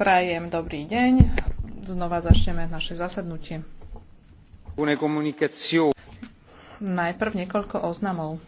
Prajem dobrý deň. Znova začneme naše zasadnutie. Najprv niekoľko oznamov.